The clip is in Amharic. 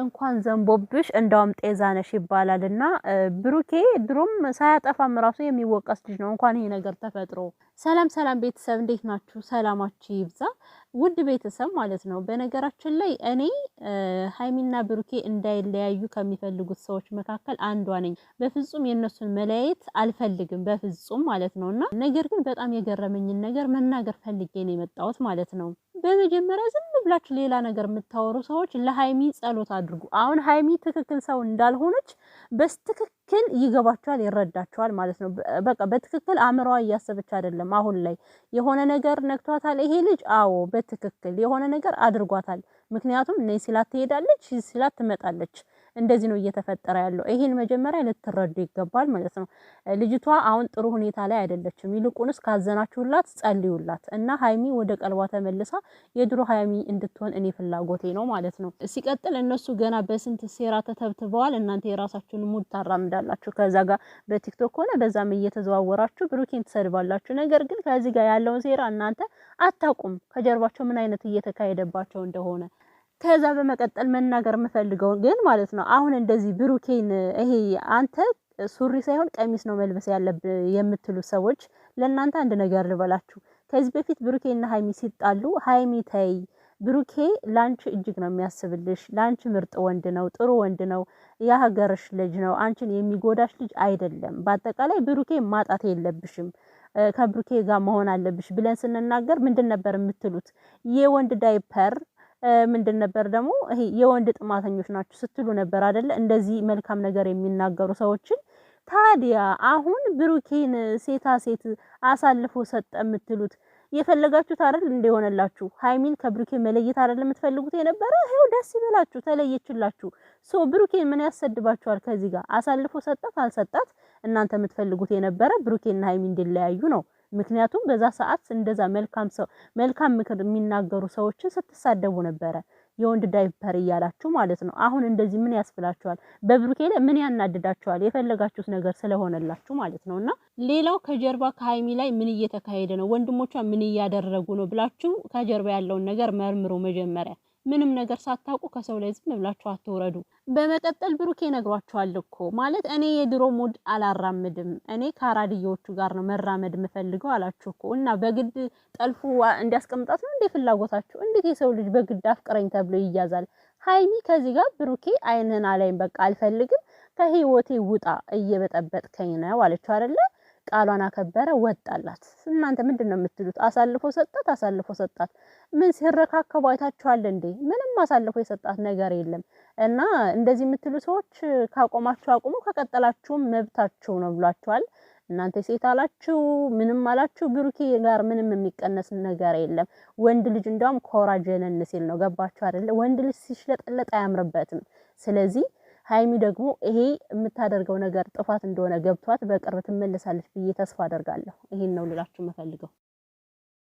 እንኳን ዘንቦብሽ እንዳውም ጤዛ ነሽ ይባላል። እና ብሩኬ ድሮም ሳያጠፋም ራሱ የሚወቀስ ልጅ ነው፣ እንኳን ይሄ ነገር ተፈጥሮ። ሰላም ሰላም ቤተሰብ እንዴት ናችሁ? ሰላማችሁ ይብዛ ውድ ቤተሰብ ማለት ነው። በነገራችን ላይ እኔ ሀይሚና ብሩኬ እንዳይለያዩ ከሚፈልጉት ሰዎች መካከል አንዷ ነኝ። በፍጹም የእነሱን መለያየት አልፈልግም፣ በፍጹም ማለት ነው። እና ነገር ግን በጣም የገረመኝን ነገር መናገር ፈልጌ ነው የመጣሁት ማለት ነው በመጀመሪያ ዝም ብላችሁ ሌላ ነገር የምታወሩ ሰዎች ለሀይሚ ጸሎት አድርጉ። አሁን ሀይሚ ትክክል ሰው እንዳልሆነች በስትክክል ይገባቸዋል፣ ይረዳቸዋል ማለት ነው። በቃ በትክክል አእምሮዋ እያሰበች አይደለም። አሁን ላይ የሆነ ነገር ነግቷታል ይሄ ልጅ። አዎ በትክክል የሆነ ነገር አድርጓታል። ምክንያቱም ነይ ሲላት ትሄዳለች፣ ሲላት ትመጣለች። እንደዚህ ነው እየተፈጠረ ያለው። ይሄን መጀመሪያ ልትረዱ ይገባል ማለት ነው። ልጅቷ አሁን ጥሩ ሁኔታ ላይ አይደለችም። ይልቁንስ ካዘናችሁላት ጸልዩላት እና ሀይሚ ወደ ቀልቧ ተመልሳ የድሮ ሀይሚ እንድትሆን እኔ ፍላጎቴ ነው ማለት ነው። ሲቀጥል እነሱ ገና በስንት ሴራ ተተብትበዋል። እናንተ የራሳችሁን ሙድ ታራምዳላችሁ። ከዛ ጋር በቲክቶክ ሆነ በዛም እየተዘዋወራችሁ ብሩኬን ትሰድባላችሁ። ነገር ግን ከዚህ ጋር ያለውን ሴራ እናንተ አታቁም ከጀርባቸው ምን አይነት እየተካሄደባቸው እንደሆነ ከዛ በመቀጠል መናገር የምፈልገው ግን ማለት ነው አሁን እንደዚህ ብሩኬን ይሄ አንተ ሱሪ ሳይሆን ቀሚስ ነው መልበስ ያለብ የምትሉ ሰዎች ለእናንተ አንድ ነገር ልበላችሁ። ከዚህ በፊት ብሩኬና ሀይሚ ሲጣሉ ሀይሚ ተይ ብሩኬ ላንቺ እጅግ ነው የሚያስብልሽ፣ ላንቺ ምርጥ ወንድ ነው፣ ጥሩ ወንድ ነው፣ የሀገርሽ ልጅ ነው፣ አንቺን የሚጎዳሽ ልጅ አይደለም። በአጠቃላይ ብሩኬ ማጣት የለብሽም ከብሩኬ ጋር መሆን አለብሽ ብለን ስንናገር ምንድን ነበር የምትሉት? የወንድ ዳይፐር ምንድን ነበር ደግሞ ይሄ የወንድ ጥማተኞች ናቸው ስትሉ ነበር አይደለ? እንደዚህ መልካም ነገር የሚናገሩ ሰዎችን ታዲያ አሁን ብሩኬን ሴታ ሴት አሳልፎ ሰጠ የምትሉት የፈለጋችሁት አይደል? እንደሆነላችሁ ሃይሚን ከብሩኬ መለየት አይደል የምትፈልጉት የነበረ? ይሄው ደስ ይበላችሁ፣ ተለየችላችሁ። ሶ ብሩኬን ምን ያሰድባችኋል? ከዚህ ጋር አሳልፎ ሰጣት አልሰጣት እናንተ የምትፈልጉት የነበረ ብሩኬና ሃይሚ እንዲለያዩ ነው። ምክንያቱም በዛ ሰዓት እንደዛ መልካም ሰው መልካም ምክር የሚናገሩ ሰዎችን ስትሳደቡ ነበረ። የወንድ ዳይፐር እያላችሁ ማለት ነው። አሁን እንደዚህ ምን ያስብላችኋል? በብሩኬ ላይ ምን ያናድዳችኋል? የፈለጋችሁት ነገር ስለሆነላችሁ ማለት ነው። እና ሌላው ከጀርባ ከሀይሚ ላይ ምን እየተካሄደ ነው፣ ወንድሞቿ ምን እያደረጉ ነው ብላችሁ ከጀርባ ያለውን ነገር መርምሮ መጀመሪያ ምንም ነገር ሳታውቁ ከሰው ላይ ዝም ብላችሁ አትውረዱ። በመቀጠል ብሩኬ ነግሯችኋል እኮ ማለት እኔ የድሮ ሙድ አላራምድም፣ እኔ ከአራድዬዎቹ ጋር ነው መራመድ የምፈልገው አላችሁ እኮ እና በግድ ጠልፎ እንዲያስቀምጣት ነው እንዴ ፍላጎታችሁ? እንዴት የሰው ልጅ በግድ አፍቅረኝ ተብሎ ይያዛል? ሀይሚ ከዚህ ጋር ብሩኬ አይንን አላይም፣ በቃ አልፈልግም፣ ከህይወቴ ውጣ፣ እየበጠበጥከኝ ነው አለችው አይደለ ቃሏን አከበረ፣ ወጣላት። እናንተ ምንድን ነው የምትሉት? አሳልፎ ሰጣት፣ አሳልፎ ሰጣት። ምን ሲረካከቡ አይታችኋል እንዴ? ምንም አሳልፎ የሰጣት ነገር የለም። እና እንደዚህ የምትሉ ሰዎች ካቆማችሁ አቁሙ፣ ከቀጠላችሁም መብታችሁ ነው ብሏችኋል። እናንተ ሴት አላችሁ ምንም አላችሁ፣ ብሩኬ ጋር ምንም የሚቀነስ ነገር የለም። ወንድ ልጅ እንዲያውም ኮራ ጀነን ሲል ነው። ገባችሁ አይደለ? ወንድ ልጅ ሲሽለጠለጥ አያምርበትም። ስለዚህ ሀይሚ ደግሞ ይሄ የምታደርገው ነገር ጥፋት እንደሆነ ገብቷት በቅርብ ትመለሳለች ብዬ ተስፋ አደርጋለሁ። ይሄን ነው ልላችሁ የምፈልገው።